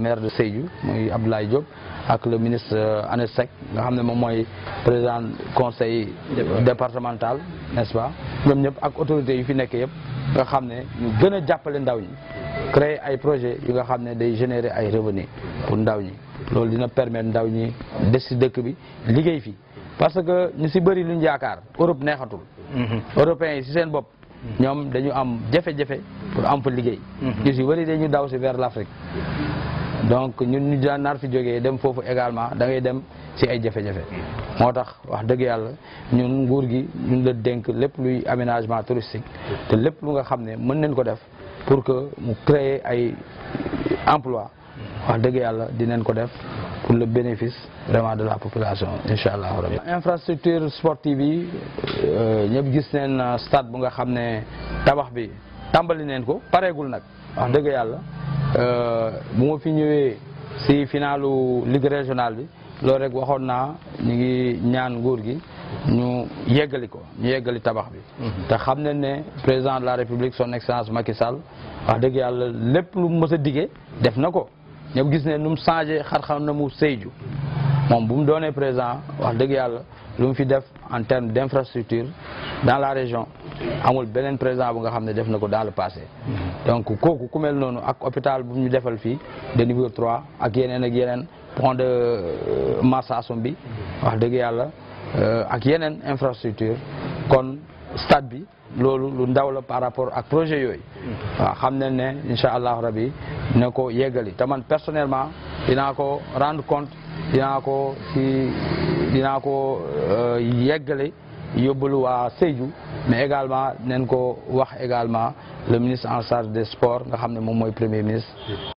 maire de Sédhiou muy Abdoulaye Diop ak le ministre Anet Seck nga xam ne moom mooy président conseil départemental n'est-ce ñoom ñëpp ak autorités yu fi nekk yëpp nga xam ne ñu gën jàppale ndaw ñi créer ay projet yu nga xam ne day générer ay revenus pour ndaw ñi loolu dina permettre ndaw ñi des ci dëkk bi liggéey fi parce que ñu si bëri luñ yaakaar Europe neexatul mhm. européens yi ci seen bopp ñoom dañu am jafe-jafe pour am fa liggéey mhm. ñu ci bëri dañu daw ci vers l'Afrique donc ñun ñu daan nar fi jógee dem foofu également da ngay dem ci ay jafe-jafe moo tax wax dëgg yàlla ñun nguur gi ñun la dénk lépp luy aménagement touristique te lépp lu nga xam ne mën nañ ko def pour que mu créer ay emploi wax dëgg yàlla dinañ ko def pour le bénéfice vraiment de la population incha allah rabbi infrastructure sportive yi euh, ñëpp gis neen stade bu nga xam ne tabax bi tàmbali neen ko pareegul nag wax dëgg yàlla Euh, bu ma fi ñëwee si finalu ligue régionale bi loolu rek waxoon naa ñu ngi ñaan nguur gi ñu yeggali ko ñu yeggali tabax bi. Mhm. te xam nañ ne président de la république son excellence Macky Sall wax dëgg yàlla lépp lu mu mës a diggee def na ko ñëpp gis ne nu mu changé xar-xar na mu Sédhiou moom bu mu doonee président wax dëgg yàlla lu mu fi def en terme d' infrastructure dans la région amul benen président bu nga xamné ne def na dans le passé donc kooku ku mel nonu ak hôpital bu ñu defal fi de niveau 3 ak yenen ak yenen pont de euh, Marsassoum bi wax deug yalla euh, ak yenen infrastructure kon stade bi lolu lu ndaw la par rapport ak projet yoy waaw xam nañ ne incha allahu rabi na ko te man personnellement dina ko rendre compte dina ko si dina ko euh, yeggali yóbbul waa mais également nañ ko wax également le ministre en charge des sports nga mom moy premier ministre